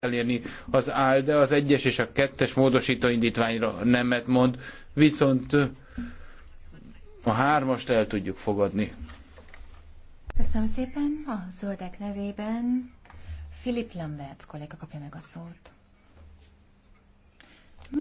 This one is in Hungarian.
elérni az ALDE, az egyes és a kettes módosító indítványra nemet mond, viszont a hármast el tudjuk fogadni. Köszönöm szépen a zöldek nevében. Filip Lambert kolléga kapja meg a szót.